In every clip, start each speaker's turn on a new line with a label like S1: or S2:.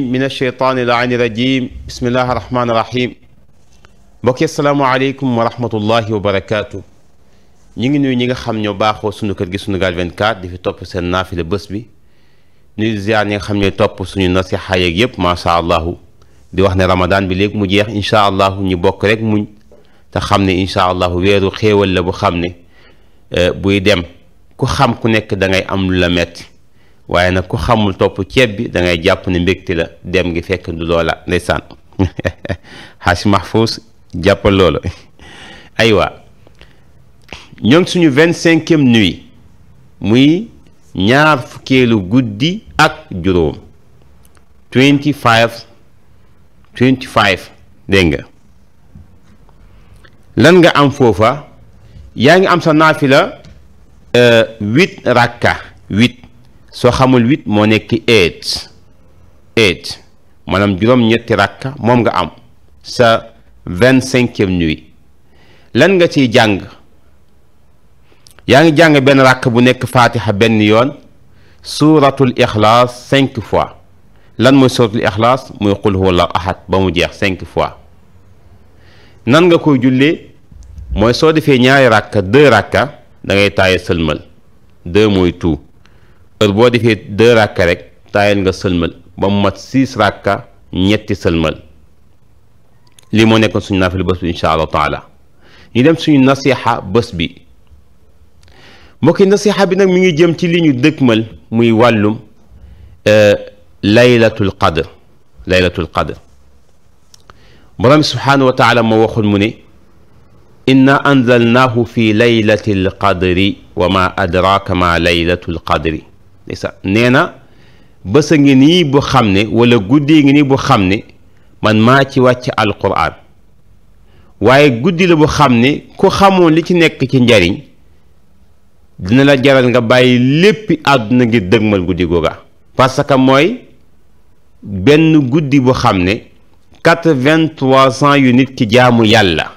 S1: min alsheytaani laani rajim bismillahi rahmaani rahim mbokki asalaamaaleykum wa rahmatullahi wa barakaatu ñu ngi nuyu ñi nga xam ñoo baaxoo sunu kër gi Sunugal 24 di fi topp seen naafila bés bi nuyu ziar ñi nga xam ñooy topp suñu nasiha yeeg yëpp macha allahu di wax ne ramadan bi léegi mu jeex incha allahu ñu bokk rek muñ te xam ne incha allahu weeru xéewal la bu xam ne buy dem ku xam ku nekk da ngay am lu la metti waaye nag ku xamul topp ceeb bi dangay jàpp ni mbégte la dem ngi fekk du loola ndeysaan xaasi mahfuus jàppal loola aywa ñoo suñu vingt cinquième nuit muy ñaar fukkeelu guddi ak juróom twenty five twenty five dégg nga lan nga am foofa yaa ngi am sa naafila euh, huit rakka huit soo xamul huit moo nekk eight eight maanaam juróom-ñetti rakka moom nga am sa vingt-cinquième nuit lan nga ciy jàng yaa ngi jàng benn rakk bu nekk faatixa benn yoon suuratul ixlaas cinq fois lan mooy suuratul ixlaas muy qul huwa allahu ba mu jeex cinq fois nan nga koy jullee mooy soo defee ñaari rakka deux rakka da ngay taaye sëlmal heure boo defee deux ràkka rek taayal nga sëlmal ba mu mat six ràkka ñetti sëlmal lii moo nekkoon suñu naafila bés bi incha allahu taala ñu dem suñu nasiha bés bi mbokki nasiha bi nag mi ngi jëm ci li ñu dëkkmal muy wàllum euh, laylatul qadr laylatul qadr borom subhaanahu wa waxul mu ni inna anzalnaahu fi laylatil qadri wa ma adraka ma laylatul qadri ndeysaan nee na bés a ngi nii bu xam ne walla guddi ngi nii bu xam ne man maa ci wàcc alquran waaye guddi la bu xam ne ku xamoon li ci nekk ci njariñ dina la jaral nga bàyyi lépp àdduna ngir dëgmal guddi googa parce que mooy benn guddi bu xam ne quatre vingt yu nit ki jaamu yàlla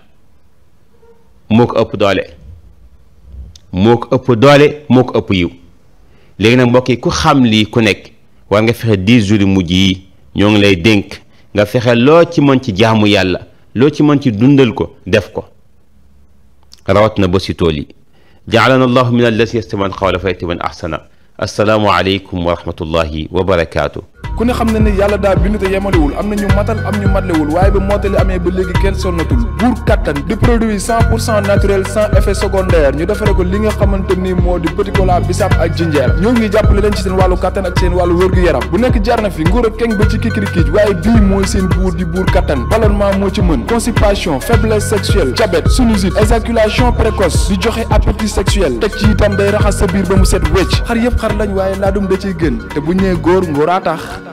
S1: moo ko ëpp doole moo ko ëpp doole moo ko ëpp yiw léegi nag mbokk ku xam lii ku nekk war nga fexe 10 jours yu mujj yi ñoo ngi lay dénk nga fexe loo ci mën ci jaamu yàlla loo ci mën ci dundal ko def ko rawat na ba si tool yi jaalana allahu min allasi yastami'una al qawla fa yattabi'una ahsana assalaamu aleykum wa rahmatullahi wa barakaatu
S2: ku ne xam na ni yàlla daal bindu te yemalewul am na ñu matal am ñu matlewul waaye ba mottali amee ba léegi kenn sonnatul buur kattan di produit cent pour cent naturel sans effet secondaire ñu defare ko li nga xamante ni moo di petit cola bisaab ak jinjeer ñoo ngi jàppale leen ci seen wàllu kattan ak seen wàllu wërgu-yaram bu nekk jar na fi nguur ak keng ba ci kikirikiij waaye bii mooy seen buur di buur kattan ballonnement moo ci mën constipation faiblesse sexuelle diabète sinusite éjaculation précoce di joxe appétit sexuel teg ci itam day raxas sa biir ba mu set wecc xar yëpp xar lañ da ciy gën te